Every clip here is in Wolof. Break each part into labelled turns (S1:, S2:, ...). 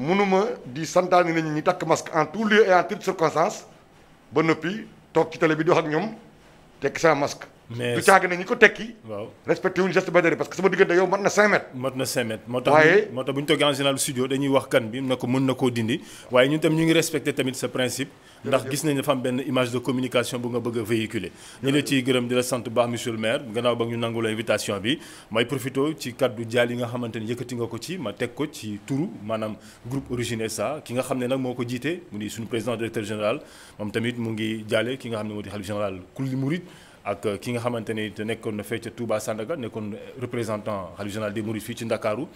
S1: mënuma di santaane nañu ñi takk masque en tout lieu et en toute circonstance ba noppi toog ci télé bi di wax ak ñoom tekki sama masque mais du caag na ñi ko tekki. waaw respecté wuñ geste barrière parce que sama diggante yow mat na 5 mètres. mat na 5 moo tax bu ñu toogee en général
S2: studio dañuy wax kan bi na ko mën na koo dindi waaye ñun tam ñu ngi respecté tamit sa principe. ndax gis nañ dafa am benn image de communication bu nga bëgg a véhiculer. ñu gërëm di la sant bu baax monsieur le maire gannaaw ba ñu nangu la invitation bi may profito ci kaddu jaal yi nga xamante ni yëkkati nga ko ci ma teg ko ci turu maanaam groupe origine ki nga xam ne nag moo ko jiite mu di suñu président directeur général moom tamit mu ngi jaale ki nga xam ne moo di ak euh, ki nga xamante ni te nekkoon na fee ca Touba nekkoon représentant khalife général des mourides fii ci Ndakaaru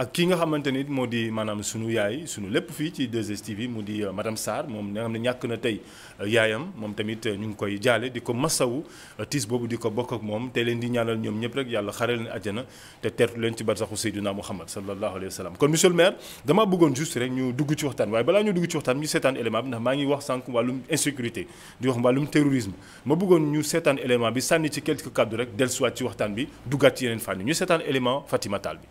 S2: ak ki nga xamante ni moo di maanaam sunu yaay sunu lépp fii ci 2STV mu di euh, madame Sarr moom nga xam ne ñàkk na tey euh, yaayam moom tamit ñu ngi koy jaale di ko masawu tiis boobu di ko bokk ak moom te leen di ñaanal ñoom ñëpp rek yàlla xare leen àjjana te teertu leen ci barsaxu Seydina Muhammad sallallahu alayhi wa sallam kon monsieur le maire damaa bëggoon juste rek ñu dugg ci waxtaan waaye balaa ñu dugg ci waxtaan wax sànq wàllum insécurité di wax wàllum terrorisme élément bi sànni ci quelques kàddu rek dellusiwaat ci waxtaan bi duggaat ci yeneen fànn ñu seetaan élément Fatima bi.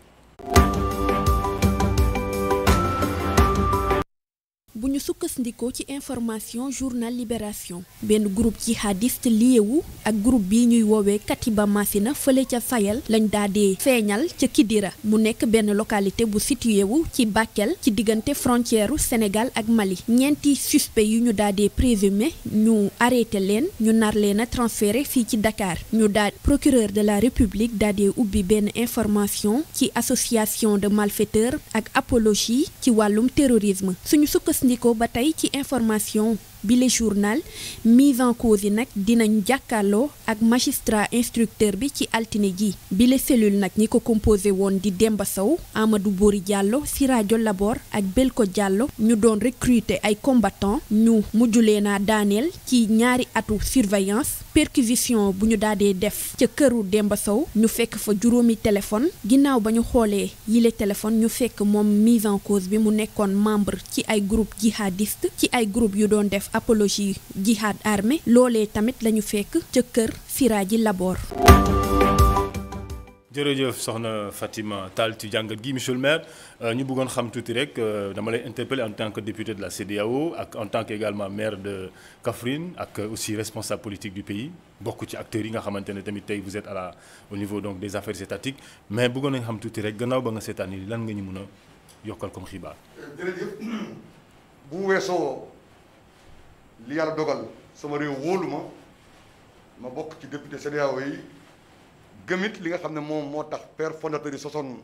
S3: bu ñu sukk sukkandikoo ci information journal Libération benn groupe jihadiste liyewu ak groupe bi ñuy woowee Katiba Masina fële ca Fayal lañ daal di feeñal ca Kidira mu nekk benn localité bu situé wu ci Bakel ci diggante frontière Sénégal ak Mali ñeenti suspect yu ñu daal di présumé ñu arrêté leen ñu nar leen a transféré fii ci Dakar ñu daal procureur de la République daal di ubbi benn information ci association de malfaiteurs ak apologie ci wàllum terrorisme ko ba tey ci information bile journal mise en cause yi nag dinañ jàkkaarloo ak magistrat instructeur bi ci altine ji bile cellule nag ñi ko composé woon di Demba Sow Amadou Bori Diallo rajo Labor ak Belko Diallo ñu doon recruter ay combattant ñu mujjulee naa daaneel ci ñaari atu surveillance perquisition bu ñu daadee def ca këru Demba Sow ñu fekk fa juróomi téléphone ginnaaw ba ñu xoolee yile téléphone ñu fekk moom mise en cause bi mu nekkoon membre ci ay groupe jihadiste ci ay groupe yu doon def apologie jihad armé loolee tamit la ñu fekk ca kër Firaaji Labor.
S2: jërëjëf soxna Fatima Tall ci jàngat gi monsieur le euh, ñu bëggoon xam tuuti rek euh, dama lay interpeller en tant que député de la CEDEAO ak en tant que également maire de Kaffrine ak aussi responsable politique du pays bokk ci acteurs yi nga xamante ne tamit tey vous êtes à la au niveau donc des affaires étatiques mais bëggoon nañ xam tuuti rek gannaaw ba nga seetaan ni lan nga ñu mën a yokkal comme xibaar.
S1: Euh, jërëjëf bu li yàlla dogal sama réew wóoluma ma bokk ci député CEDEAO yi gëmit li nga xam ne moom moo tax père fondateur yi sosoon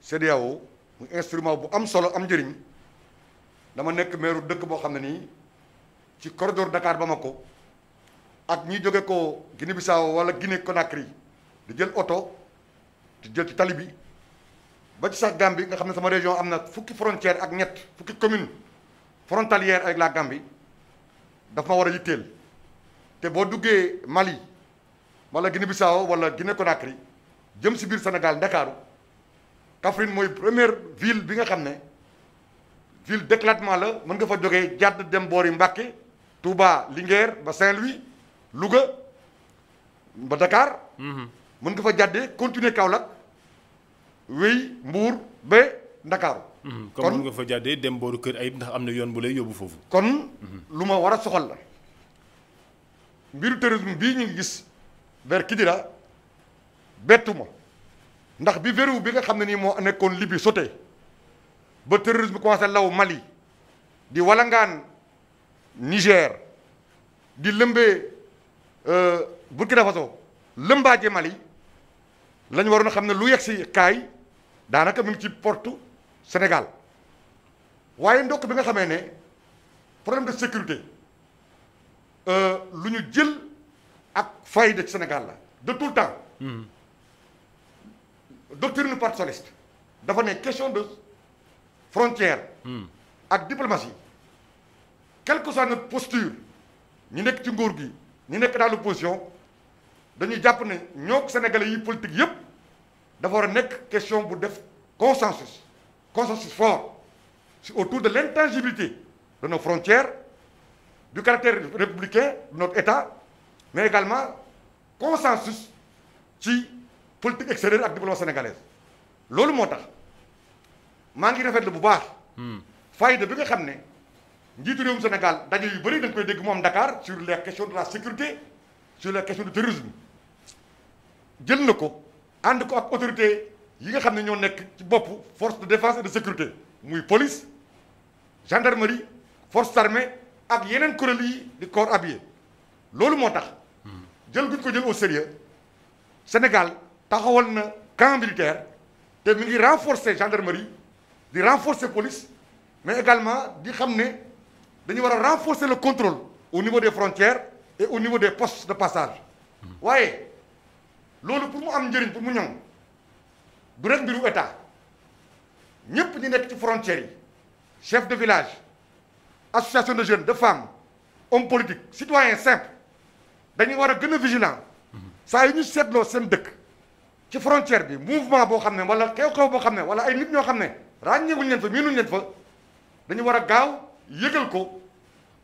S1: CEDEAO mu instrument bu am solo am njëriñ dama nekk meeru dëkk boo xam ne nii ci corridor Dakar ko ak ñi jóge ko Guinée Bissau wala Guinée Conakry di jël oto di jël ci tali bi ba ci sax Gambie nga xam ne sama région am na fukki frontière ak ñett fukki commune frontalière avec la Gambie dafa ma war a yitteel te boo duggee Mali wala Guinée Bissau wala Guinée Conakry jëm si biir Sénégal Ndakaaru Kaffrine mooy première ville bi nga xam ne ville d'éclatement la mën nga fa jógee jàdd dem boori mbakke Touba Linguère ba Saint-Louis Louga ba ndakaar mhm. mën nga fa jàddee continuer Kaolack wéy Mbour ba ndakaaru mhm. kon mën nga fa dem booru kër ayib ndax am na yoon bu lay yóbbu foofu kon mhm. lu ma war a soxal la mbiru terrorisme bii ñu ngi gis vers Kidira bettu ma ndax bi verrou bi nga xam ne nii moo nekkoon Libye sauté ba terrorisme commencé law Mali di walangaan Niger di lëmbee euh, Burkina Faso lëmbaaje Mali lañ waroon xam ne lu yegg si kaay daanaka mu ngi ci porte Sénégal waaye ndokk bi nga xamee ne problème de sécurité euh, lu ñu jël ak fayda ci Sénégal la de tout le temps hmm. doctrine parti socialiste dafa ne question de frontière hmm. ak diplomatie quelle que soit notre posture ñu nekk ci nguur gi ñu nekk dans l'opposition dañuy jàpp ne ñoo sénégalais yi politique yépp dafa war a nekk question bu def consensus consensus fort autour de l'intangibilité de nos frontières, du caractère républicain de notre État, mais également consensus ci politique extérieure ak diplomatie sénégalaise loolu moo tax maa ngi rafetlu bu baax. Hmm. fayda bi nga xam ne njiitu réewum Sénégal daje yu bëri dañ koy dégg mu am Dakar sur les questions de la sécurité sur les questions du terrorisme jël na ko ànd ko ak autorité. yi nga xam ne ñoo nekk ci bopp force de défense et de sécurité muy police gendarmerie force armée ak yeneen kuréel yi di corps habillé loolu moo tax jël guñ ko jël au sérieux Sénégal taxawal na camp militaire te mi ngi renforcer gendarmerie di renforcer police mais également di xam ne dañu war a renforcer le contrôle au niveau des frontières et au niveau des postes de passage waaye loolu pour mu am njëriñ pour mu ñoŋ du rek mbiru état ñëpp ñi nekk ci frontières yi chef de village association de jeunes de femme hommes politiques citoyens simples dañuy war a gën a vigilant mhm. saa yu ñu seetloo seen dëkk ci frontière bi mouvement boo xam ne wala xew-xew boo xam ne wala ay nit ñoo xam ne ràññewuñ leen fa miinuñ leen fa dañu war a gaaw yëgal ko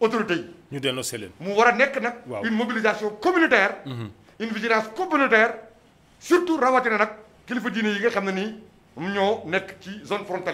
S1: autorité yi. ñu dénoncé leen mu war a nekk nag. une mobilisation communautaire. Mhm. une vigilance communautaire surtout rawatina nag. kilifa diine yi nga xam ne nii ñoo nekk ci zone frontalière